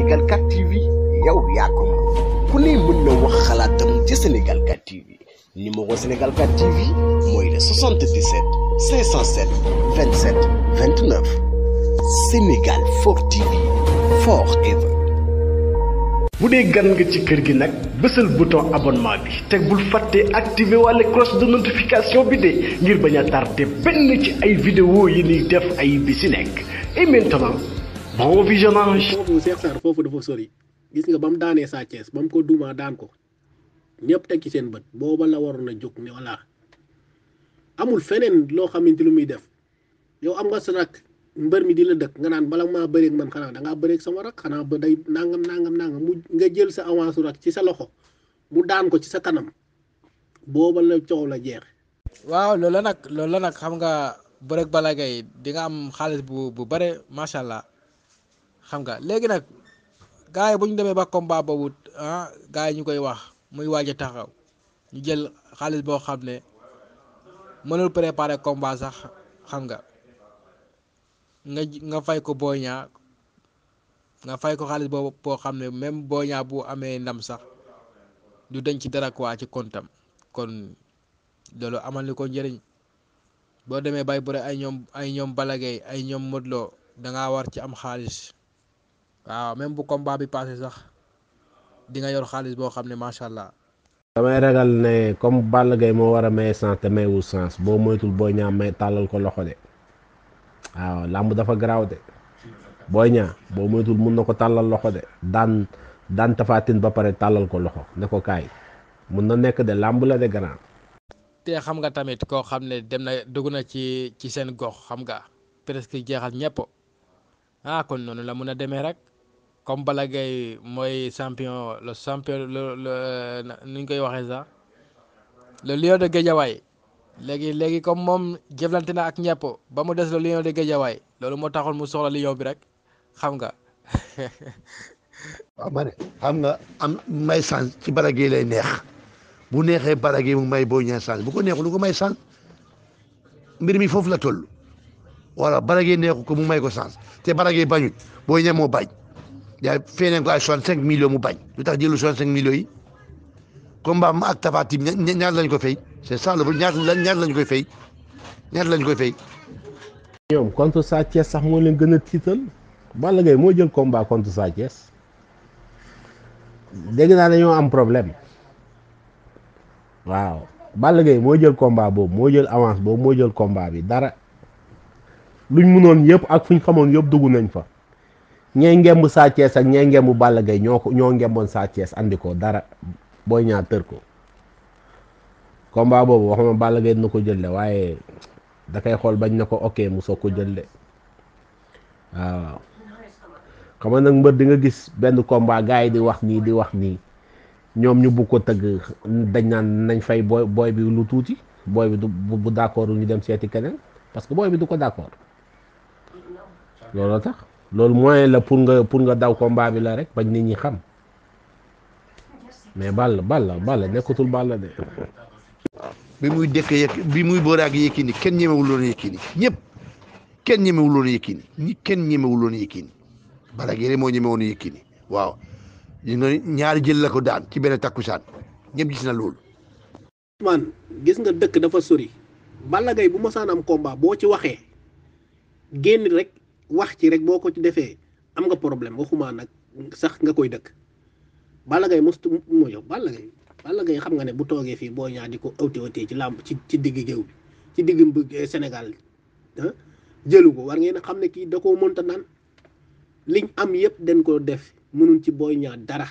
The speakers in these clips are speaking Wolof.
Sénégal 4 TV yow yakum. ko ne mën na wax xalaatam ci Sénégal 4 TV numéro Sénégal 4 TV moy le 77 507 27 29 Sénégal 4 TV forever. bu dee gan nga ci kër gi nag le bouton abonnement bi vous bul activer activé walla cloche de notification bi de ngir bañ tardé benn ci ay vidéo yi ni def ay bi et maintenant. bon visionnage boobu Cheikh Sarr foofu dafa sori gis nga ba mu daanee Sa Thiès ba mu ko duumaa daan ko ñëpp teg ci seen bët booba la waroon a jóg ne amul feneen loo xamante lu muy def yow am nga sa rak mbër mi di la dëkk nga naan bala maa bëreeg man xanaa da ngaa bëreeg sama rak xanaa ba day nangam nangam nangam mu nga jël sa avance rak ci sa loxo mu daan ko ci sa kanam booba la coow la jeex. waaw loolu nag loolu nag xam nga bërëg bala gay di nga am xaalis bu bu bare macha allah xam nga léegi nag gars yi bu ñu demee ba combat boobu ah gars yi ñu koy wax muy waaj taxaw ñu jël xaalis boo xam ne mënul préparer komba sax xam nga nga nga fay ko Boy Niang nga fay ko xaalis boobu boo xam ne même Boy Niang bu amee ndam sax du denc dara quoi ci kontam kon loolu amal ni ko njëriñ boo demee bay bëre ay ñoom ay ñoom Balla ay ñoom Modou Lo da ngaa war ci am xaalis waaw même bu combat bi passé sax di yor xaalis boo xam ne macha allah. damay ragal ne comme Balla Gaye moo war a maye sens te mayewul sens boo moytul Boy Niang may tàllal ko loxo de waaw làmb dafa garaaw de Boy Niang boo moytul mun na ko tàllal loxo de daan daan tafaatin ba pare tàllal ko loxo ne ko kaay mun na nekk de làmb la de grand. te xam nga tamit koo xam ne dem na dugg na ci ci seen gox xam nga presque jeexal ñëpp ah kon noonu la mun a demee rek. comme Balla Gaye mooy champion le champion le nuñ koy waxee sax le lion de Guédiawaye léegi léegi comme moom jëflante na ak ñëpp ba mu des le lion de Guédiawaye loolu moo taxoon mu soxla lion bi rek xam nga. waaw nga am may chance ci Balla Gaye lay neex bu neexee Balla Gaye mu may Boy Niang chance bu ko neexul lu ko may chance mbir mi foofu la toll voilà Balla Gaye neexu ko mu may ko change te Balla Gaye bañut Boy Niang moo bañ. yaa fee nañ ko ay soixante cinq millions mu bañ lu tax jëlu soixante cinq millions yi combat ma ak Tapha Tine ñaar lañ ko fay c'est ça le ñaar ñaar lañ koy fay ñaar lañ koy fay. ñoom contre Sa sax moo leen gën a tiital Balla Gaye moo jël combat contre Sa dégg naa dañoo am problème waaw Balla Gaye moo jël combat boobu moo jël avance boobu moo jël combat bi dara luñ mënoon yëpp ak fuñ xamoon yëpp dugg nañ fa. ñee ngemb Sa Thiès ak ñee ngemb Balla gay ñoo ko ñoo ngemboon Sa Thiès andi ko dara booy Niang tër ko combat boobu waxuma Balla Gaye dina ko jël waaye da xool bañ na ko ok mu soog ko jël de waaw xam nga nag mbër di nga gis benn combat gars yi di wax nii di wax nii ñoom ñu bugg ko tëgg dañ naan nañ fay booy booy bi lu tuuti booy bi du bu d'accord ñu dem seeti keneen parce que booy bi du ko d'accord loolu tax. loolu mooy la pour nga pour nga daw combat bi la rek bañ ni ñi xam mais Balla Balla Balla nekkatul Balla de. bi muy dëkk yëkk bi muy boole ak Yékini kenn ñemewul loon Yékini ñëpp kenn ñemewul loon Yékini ñi kenn ñemewul loon Yékini Balla Gaye moo ñemewoon Yékini waaw ñu ñaari jël la ko daan ci benn takkusaan ñëpp gis na loolu. man gis nga dëkk dafa sori Balla Gaye bu mosaan am combat boo ci waxee génn rek. wax ci rek boo ko ci defee am nga problème waxuma nag sax nga koy dëkk Balla Gaye mosut moo yow Balla Gaye Balla xam nga ne bu toogee fii boo ñaa di ko awti awti ci làmb ci ci digg géew bi ci digg eh, Sénégal ah, jëlu ko war ngeen xam ne kii da koo mënta naan liñ am yëpp dañ koo def mënuñ ci booy ñaar dara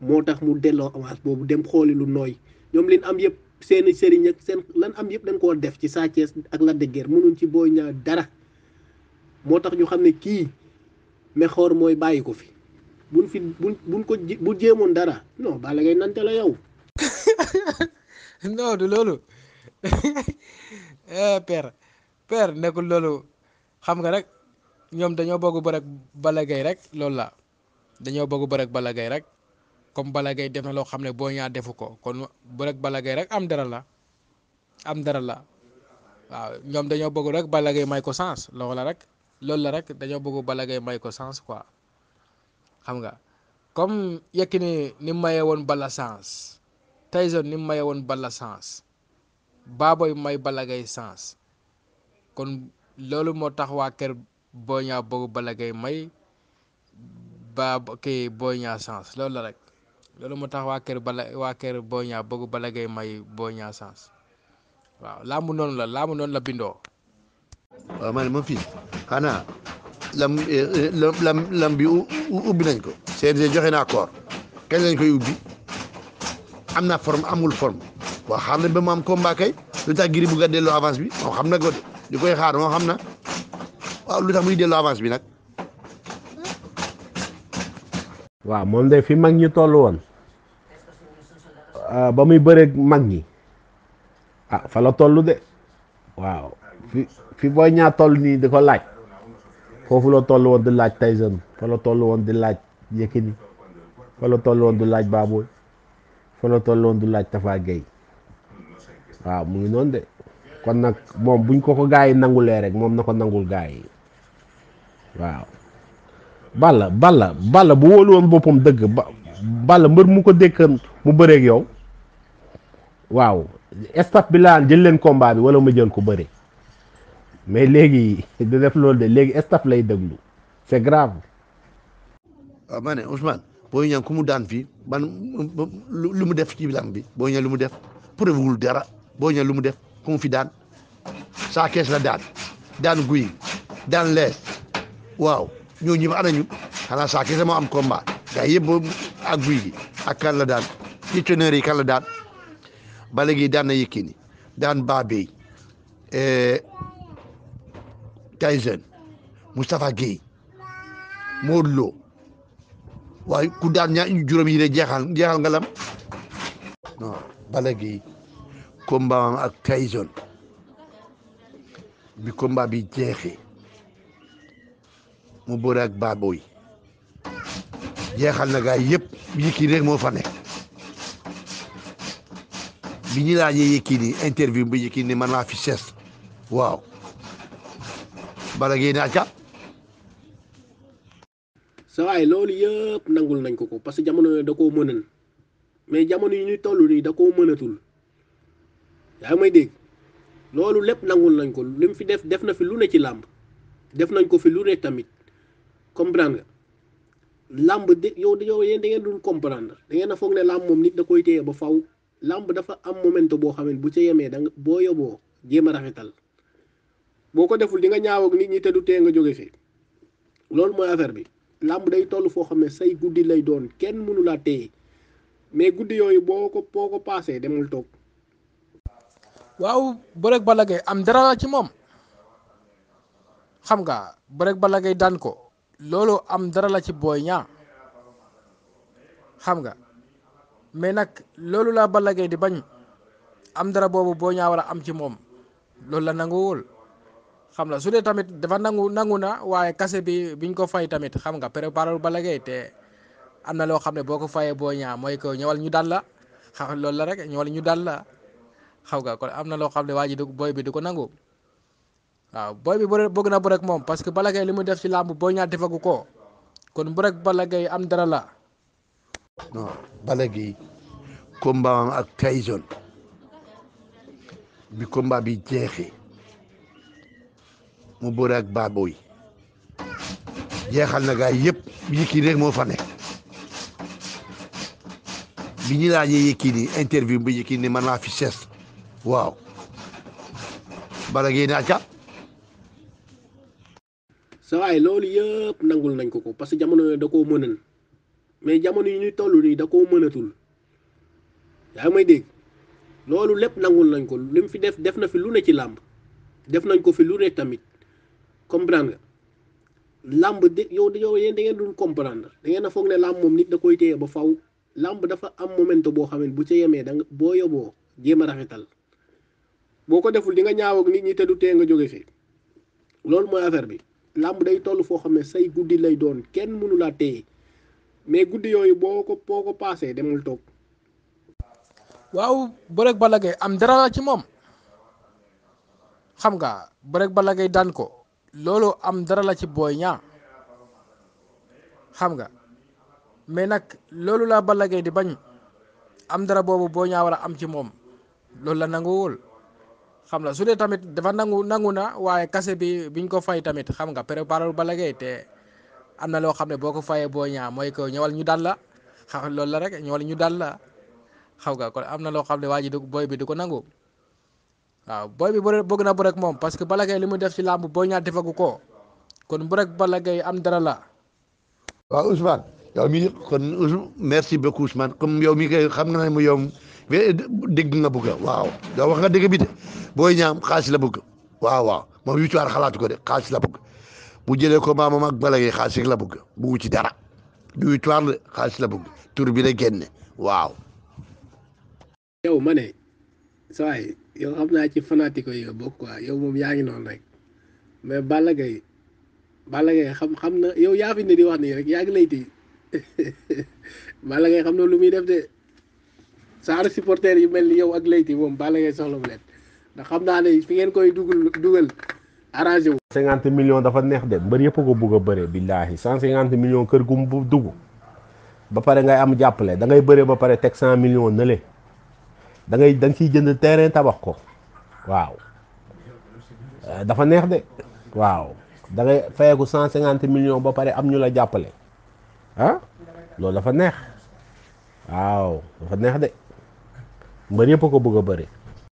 moo tax mu delloo avance boobu dem xooli lu nooy ñoom liñ am yëpp seeni sëriñ ak seen lan am yëpp dañ koo def ci Sa Thiès ak Lac de Guiers mënuñ ci booy ñaar dara moo tax ñu xam ne kii mexoor mooy bàyyi ko fi buñ fi buñ buñ ko bu jéemoon dara non Balla Gaye nante la yow. non loolu eh, père père nekkul loolu xam nga rek ñoom dañoo bëgg ba rek Balla rek loolu la dañoo bëgg ba rek Balla rek comme Balla Gaye def na loo xam ne boo ñaa defu ko kon bu rek Balla rek am dara la am dara la waaw ñoom dañoo bëgg rek Balla Gaye may ko sens loolu la rek. loolu la rek dañoo bëgg Balla Gaye may ko sens quoi xam nga comme Yékini ni mu maye woon bala sens Tyson ni mu maye woon Balla sens booy may bala gay sens kon loolu moo tax waa kër Boy ñaa bëgg bala gay may ba kii Boy Niang sens loolu la rek loolu moo tax waa kër Balla waa kër Boy Niang bëgg Balla may Boy Niang sens waaw laamu noonu la laamu noonu la bindoo. waaw maa ne moom fii xanaa lam eh, eh, ubbi nañ ko CNG joxe naa accord kañ lañ koy ubbi am naa forme amul forme waaw xaar nañ ba mu am combat lu tax Gris bu ga delloo avance bi moom xam na ko di koy xaar moom xam na waaw lu tax muy avance bi nag waaw moom de fi mag ñi toll woon ah, ba muy bëreeg mag ñi ah fa de waaw fi fi booy ñaa toll nii di ko laaj foofu la toll woon di laaj Tyson fa la toll woon di laaj Yékini fa la toll woon di laaj Baboy fa la toll woon di laaj Tafa Gueye waaw mu ngi noon de kon nag moom buñ ko ko gaa yi nangulee rek moom na ko nangul gaa yi waaw Balla Balla bu wóolu woon boppam dëgg ba Balla mbër mu ko dékkan mu bëreeg yow waaw stap bi laa jël leen combat bi wala ma jël ko bëri mais léegi def loolu de léegi staff lay déglu c'est grab waaw ah, ma ne Ousmane Boy mu daan fii man lu mu def ci lamb bi Boy Niang lu mu def prouvé wul dara Boy Niang lu mu def ku fi daan saa kees la daan daan guy daan lees waaw ñoo ñëpp anañu xanaa saa kees moo am combat gars yëpp ak guy gi ak kan la daan dictionnaire yi kan la daan ba daan na Yékini daan Babey. Eh, Tyson Moustapha Guèye Modou Lo waaye ku daan ñaar juróom yi jeexal jeexal nga lam non Balla ak Tyson bi combat bi jeexee mu bëre ak Baboy jeexal na gaay yëpp Yékini rek moo bi ñu laajee Yékini interview bi Yékini ne man fi ses waaw Balla Gaye aja. acca sa waay loolu yëpp nangul nañ ko ko parce jamono da koo mënan mais jamono yi ñuy toll nii da koo mënatul yaa may dégg loolu lépp nangul nañ ko fi def def na fi lu ne ci def nañ ko fi lu ne tamit comprendre nga làmb de yow yow yéen da ngeen dul comprendre da ngeen a foog ne làmb moom nit da koy téye ba faw dafa am momento boo xam ne bu ca ya yemee da nga boo rafetal boo ko deful di nga ñaaw ak nit ñi te du tee nga jóge fi loolu mooy affaire bi làmb day toll foo xam ne say guddi lay doon kenn mënu laa téye mais guddi yooyu boo ko boo ko paasee demul toog. waaw bëreg Balla Gaye am dara la ci moom xam nga bëreg Balla Gaye daan ko loolu am dara la ci Boy Niang xam nga mais nag loolu laa Balla Gaye di bañ am dara boobu Boy ñaa war a am ci moom loolu la nanguwul. xam la su dee tamit dafa nangu nangu na waaye kase bi biñ ko fay tamit xam nga préparer Balla Gaye te am na loo xam ne boo ko fayee boo ñaa mooy ko ñëwal ñu dal la xam loolu la rek ñëwal ñu dal la xaw nga kon am na loo xam ne waa ji du booy bi du ko nangu waaw booy bi bëgg na bu rek moom parce que Balla Gaye li mu def ci làmb boo ñaa defagu ko kon bu rek Balla am dara la. non Balla ak Tyson bi combat bi jeexee. mu bëre ak Baboy jeexal na yépp yëpp Yékini rek moo fa nekk bi ñu laajee Yékini interview bi Yékini man maa fi sees waaw bala ngeen naa ca sa waay loolu yëpp nangul nañ ko ko parce que jamono da koo mënal mais jamono yi ñu toll nii da koo mënatul yaa may dégg loolu lépp nangul nañ ko li fi def def na fi lu ne ci làmb def nañ ko fi lu ne tamit comprendre làmb de yow yow yéen da ngeen dul comprendre da ngeen foog ne làmb moom nit da koy téye ba faw làmb dafa am moment boo xam ne bu ca yemee da nga boo yoboo jéem a rafetal boo ko deful di nga ñaaw ak nit ñi te du tee nga jóge fi loolu mooy affaire bi làmb day toll foo xam ne say guddi lay doon kenn mënu laa mais guddi yooyu boo ko boo ko paasee demul toog. waaw bëreeg Balla Gaye am dara ci moom xam nga bëreeg Balla Gaye daan ko. loolu am dara la ci booy ñaa xam nga mais nag loolu laa Balla Gaye di bañ am dara boobu boo ñaa war a am ci moom loolu la nanguwul xam la su dee tamit dafa nangu nangu na waaye kase bi biñ ko fay tamit xam nga préparé Balla Gaye te am na loo xam ne boo ko fayee boo ñaa mooy ko ñëwal ñu dal la xam loolu la rek ñëwal ñu dal la xam nga kon am na loo xam ne waa ji du booy bi du ko nangu waaw booy bi bëre bëgg na bëre ak moom parce que Balla li mu def ci làmb Boy Niang defagu ko kon bu rek am dara la. waaw Ousmane yow mi kon Ousmane merci beaucoup Ousmane comme yow mi kay xam nga ne mu yow dégg nga bëgg waaw yow wax nga dégg bi de Boy Niang xaalis la bëgg waaw waaw moom yu ci war ko de xaalis la bëgg bu jëlee ko maamam ak Balla Gaye xaalis la bëgg bu ci dara du yu ci xaalis la bëgg tur bi la génne waaw. yow yow xam naa ci fanatico yi nga bokk quoi yow moom yaa ngi noonu rek mais Balla Gaye Balla xam xam na yow yaa fi ne di wax nii rek yaa ngi lay téye Balla Gaye xam na lu muy def de saaru supporter yu mel ni yow ak layti moom Balla Gaye soxla mu ndax xam naa ne fi ngeen koy dugal dugal arrangé wu. 50 millions dafa neex de mbër yëpp ko bugg a bëre billaahi 150 millions kër gu mu dugg ba pare ngay am jàppale da ngay bëre ba pare teg 100 million nële. da ngay da nga ciy jënd terrain tabax ko waaw eh, dafa neex de waaw da ngay cent cinquante million ba pare am ñu la jàppale ah loolu dafa neex waaw dafa neex de mbër yëpp ko bëgg a bëri